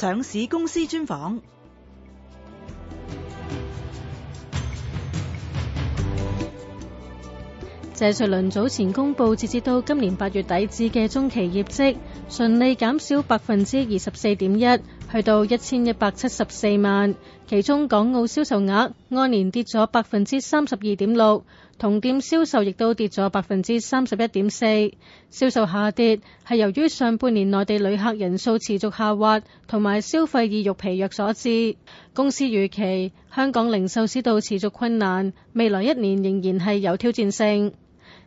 上市公司專訪。謝瑞麟早前公布，截至到今年八月底止嘅中期業績，純利減少百分之二十四點一。去到一千一百七十四萬，其中港澳銷售額按年跌咗百分之三十二點六，同店銷售亦都跌咗百分之三十一點四。銷售下跌係由於上半年內地旅客人數持續下滑，同埋消費意欲疲弱所致。公司預期香港零售市道持續困難，未來一年仍然係有挑戰性。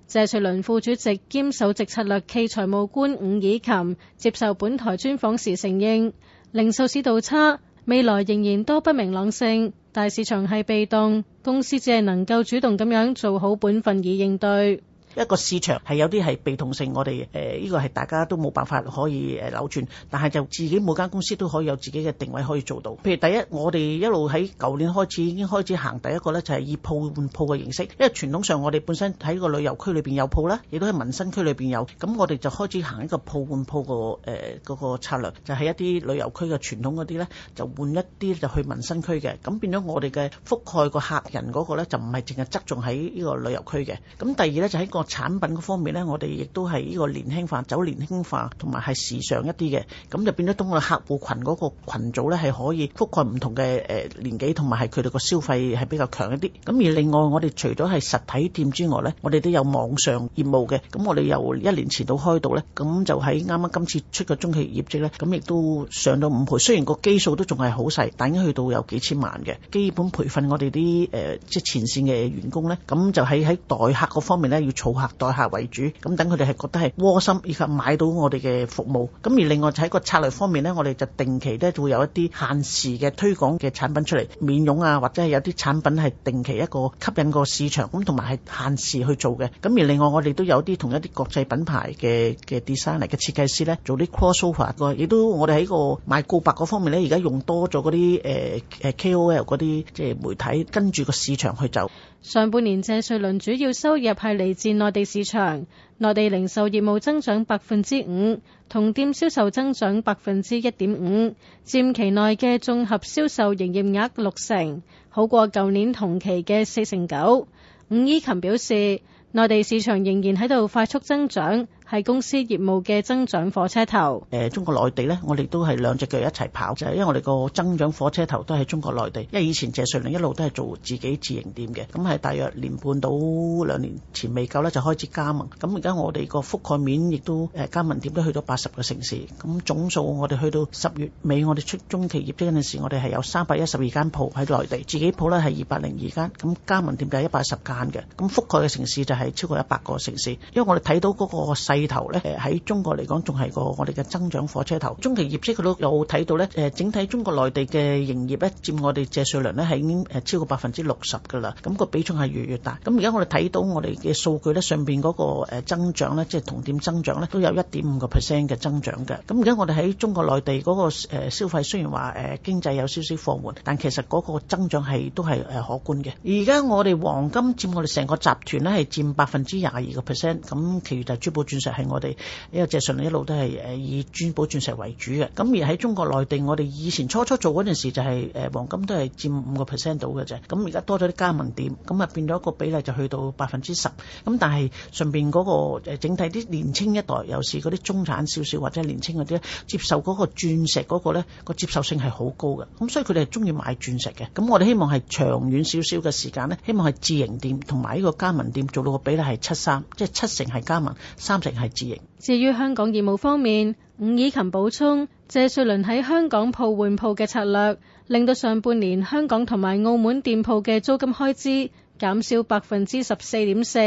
謝瑞麟副主席兼首席策略暨財務官伍綺琴接受本台專訪時承認。零售市道差，未來仍然都不明朗性，大市場係被動，公司只係能夠主動咁樣做好本分而應對。一個市場係有啲係被動性，我哋誒呢個係大家都冇辦法可以誒扭轉，但係就自己每間公司都可以有自己嘅定位可以做到。譬如第一，我哋一路喺舊年開始已經開始行第一個咧就係以鋪換鋪嘅形式，因為傳統上我哋本身喺個旅遊區裏邊有鋪啦，亦都喺民生區裏邊有，咁我哋就開始行一個鋪換鋪個誒嗰個策略，就係一啲旅遊區嘅傳統嗰啲咧就換一啲就去民生區嘅，咁變咗我哋嘅覆蓋個客人嗰個咧就唔係淨係側重喺呢個旅遊區嘅。咁第二咧就喺個。產品嗰方面咧，我哋亦都係呢個年輕化、走年輕化，同埋係時尚一啲嘅，咁就變咗當我客戶群嗰個羣組咧，係可以覆蓋唔同嘅誒年紀，同埋係佢哋個消費係比較強一啲。咁而另外，我哋除咗係實體店之外咧，我哋都有網上業務嘅。咁我哋由一年前到開到咧，咁就喺啱啱今次出嘅中期業績咧，咁亦都上到五倍。雖然個基數都仲係好細，但已經去到有幾千萬嘅基本培訓我哋啲誒即係前線嘅員工咧，咁就喺喺待客嗰方面咧要措。顧客代客為主，咁等佢哋係覺得係窩心，以及買到我哋嘅服務。咁而另外就喺個策略方面咧，我哋就定期咧會有一啲限時嘅推廣嘅產品出嚟，美容啊或者係有啲產品係定期一個吸引個市場，咁同埋係限時去做嘅。咁而另外我哋都有啲同一啲國際品牌嘅嘅 design 嚟嘅設計師咧，做啲 crossover。亦都我哋喺個賣告白嗰方面咧，而家用多咗嗰啲誒誒 KOL 嗰啲即係媒體跟住個市場去走。上半年謝瑞麟主要收入係嚟自內地市場，內地零售業務增長百分之五，同店銷售增長百分之一點五，佔期內嘅綜合銷售營業額六成，好過舊年同期嘅四成九。伍綺琴表示，內地市場仍然喺度快速增長。係公司業務嘅增長火車頭。誒、呃，中國內地呢，我哋都係兩隻腳一齊跑，就係、是、因為我哋個增長火車頭都喺中國內地。因為以前謝瑞麟一路都係做自己自營店嘅，咁係大約年半到兩年前未夠呢，就開始加盟。咁而家我哋個覆蓋面亦都誒、呃、加盟店都去到八十個城市。咁總數我哋去到十月尾，我哋出中期業績嗰陣時，我哋係有三百一十二間鋪喺內地，自己鋪呢係二百零二間，咁加盟店就係一百一十間嘅。咁覆蓋嘅城市就係超過一百個城市。因為我哋睇到嗰個細頭咧喺中國嚟講仲係個我哋嘅增長火車頭，中期業績佢都有睇到咧。誒，整體中國內地嘅營業咧佔我哋借稅量咧係誒超過百分之六十噶啦，咁個比重係越來越大。咁而家我哋睇到我哋嘅數據咧上邊嗰個誒增長咧，即係同店增長咧都有一點五個 percent 嘅增長嘅。咁而家我哋喺中國內地嗰個誒消費雖然話誒經濟有少少放緩，但其實嗰個增長係都係誒可觀嘅。而家我哋黃金佔我哋成個集團咧係佔百分之廿二個 percent，咁其餘就珠寶鑽石。係我哋呢個謝瑞麟，一路都係誒以珠寶鑽石為主嘅。咁而喺中國內地，我哋以前初初做嗰陣時就係誒黃金都係佔五個 percent 到嘅啫。咁而家多咗啲加盟店，咁啊變咗一個比例就去到百分之十。咁但係順便嗰個整體啲年青一代，尤其嗰啲中產少少或者年青嗰啲咧，接受嗰個鑽石嗰個咧個接受性係好高嘅。咁所以佢哋係中意買鑽石嘅。咁我哋希望係長遠少少嘅時間咧，希望係自營店同埋呢個加盟店做到個比例係七三，即係七成係加盟，三成，係自營。至於香港業務方面，伍綺琴補充，謝瑞麟喺香港鋪換鋪嘅策略，令到上半年香港同埋澳門店鋪嘅租金開支。減少百分之十四點四，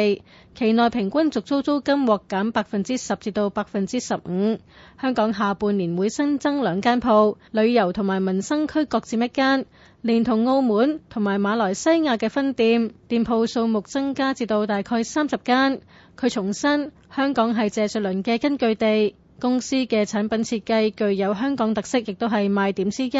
期內平均續租租金獲減百分之十至到百分之十五。香港下半年會新增兩間鋪，旅遊同埋民生區各佔一間，連同澳門同埋馬來西亞嘅分店，店鋪數目增加至到大概三十間。佢重申，香港係謝瑞麟嘅根據地，公司嘅產品設計具，具有香港特色，亦都係賣點之一。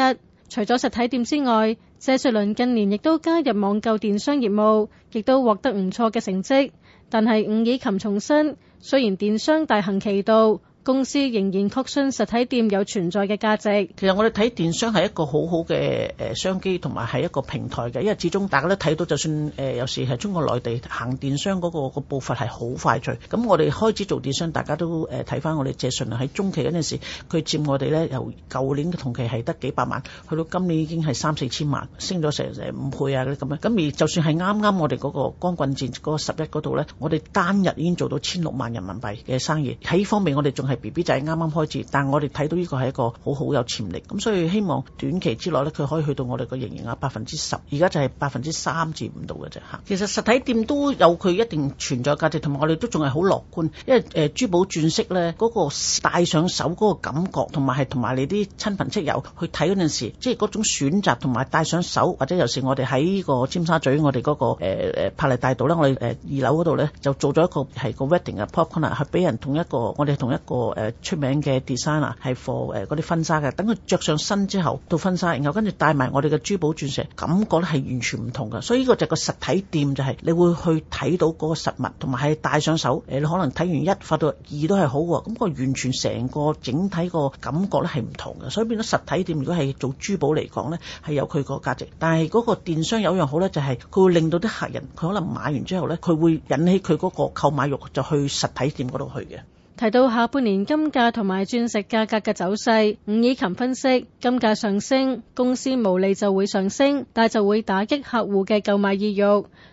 除咗實體店之外，謝瑞麟近年亦都加入網購電商業務，亦都獲得唔錯嘅成績。但係伍綺琴重申，雖然電商大行其道，公司仍然確信實體店有存在嘅價值。其實我哋睇電商係一個好好嘅誒商機，同埋係一個平台嘅。因為始終大家都睇到，就算誒有時係中國內地行電商嗰個步伐係好快脆。咁我哋開始做電商，大家都誒睇翻我哋謝瑞麟喺中期嗰陣時，佢佔我哋咧由舊年嘅同期係得幾百萬，去到今年已經係三四千萬，升咗成誒五倍啊嗰啲咁樣。咁而就算係啱啱我哋嗰個光棍節嗰個十一嗰度咧，我哋單日已經做到千六萬人民幣嘅生意。喺呢方面我哋仲係。B B 就係啱啱開始，但係我哋睇到呢個係一個好好有潛力，咁所以希望短期之內咧，佢可以去到我哋個營業額百分之十，而家就係百分之三至五度嘅啫。嚇，其實實體店都有佢一定存在價值，同埋我哋都仲係好樂觀，因為誒珠寶鑽飾咧嗰個戴上手嗰個感覺，同埋係同埋你啲親朋戚友去睇嗰陣時，即係嗰種選擇同埋戴上手，或者尤其我哋喺呢個尖沙咀我哋嗰個誒柏麗大道啦，我哋誒二樓嗰度咧就做咗一個係個 wedding 嘅 pop corner，係俾人同一個我哋同一個。誒，出名嘅 designer 係 for 誒嗰啲婚紗嘅，等佢着上身之後到婚紗，然後跟住戴埋我哋嘅珠寶鑽石，感覺咧係完全唔同嘅。所以呢個就係個實體店就係你會去睇到嗰個實物，同埋係戴上手，誒你可能睇完一發到二都係好嘅，咁個完全成個整體個感覺咧係唔同嘅。所以變咗實體店如果係做珠寶嚟講咧，係有佢個價值。但係嗰個電商有一樣好咧，就係佢會令到啲客人，佢可能買完之後咧，佢會引起佢嗰個購買慾，就去實體店嗰度去嘅。提到下半年金價同埋鑽石價格嘅走勢，伍綺琴分析金價上升，公司毛利就會上升，但係就會打擊客戶嘅購買意欲；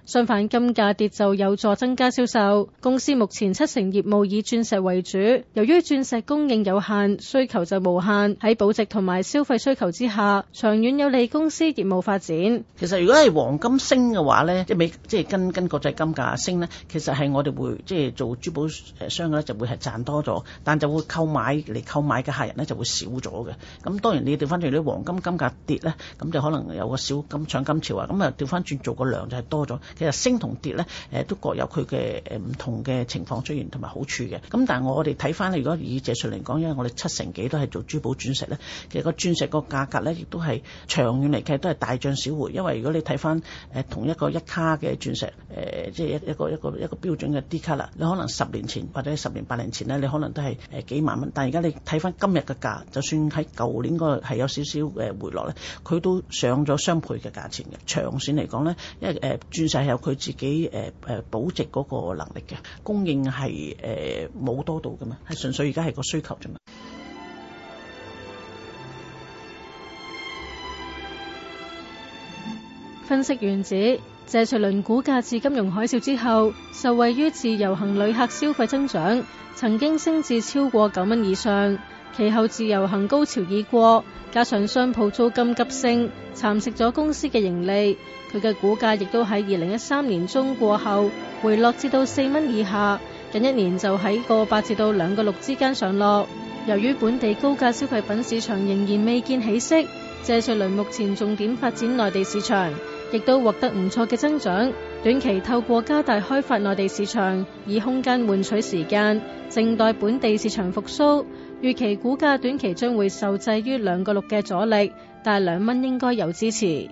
相反，金價跌就有助增加銷售。公司目前七成業務以鑽石為主，由於鑽石供應有限，需求就無限，喺保值同埋消費需求之下，長遠有利公司業務發展。其實如果係黃金升嘅話呢，即係美即係跟跟國際金價升呢，其實係我哋會即係做珠寶誒商咧就會係賺賺多咗，但就會購買嚟購買嘅客人咧就會少咗嘅。咁當然你調翻轉啲黃金金價跌咧，咁就可能有個少金搶金潮啊。咁啊調翻轉做個量就係多咗。其實升同跌咧，誒都各有佢嘅誒唔同嘅情況出現同埋好處嘅。咁但係我哋睇翻，如果以謝術嚟講，因為我哋七成幾都係做珠寶鑽石咧，其實個鑽石個價格咧亦都係長遠嚟計都係大漲小回。因為如果你睇翻誒同一個一卡嘅鑽石，誒即係一一個一個一個，一個標準嘅 D 卡啦，你可能十年前或者十年八年前。你可能都係誒幾萬蚊，但係而家你睇翻今日嘅價，就算喺舊年嗰個係有少少誒回落咧，佢都上咗雙倍嘅價錢嘅。長線嚟講咧，因為誒鑽石有佢自己誒誒保值嗰個能力嘅，供應係誒冇多到㗎嘛，係純粹而家係個需求啫嘛。分析原子。謝瑞麟股價自金融海嘯之後，受惠於自由行旅客消費增長，曾經升至超過九蚊以上。其後自由行高潮已過，加上商鋪租金急升，蠶食咗公司嘅盈利。佢嘅股價亦都喺二零一三年中過後，回落至到四蚊以下，近一年就喺個八至到兩個六之間上落。由於本地高價消費品市場仍然未見起色，謝瑞麟目前重點發展內地市場。亦都獲得唔錯嘅增長。短期透過加大開發內地市場，以空間換取時間，靜待本地市場復蘇。預期股價短期將會受制於兩個六嘅阻力，但兩蚊應該有支持。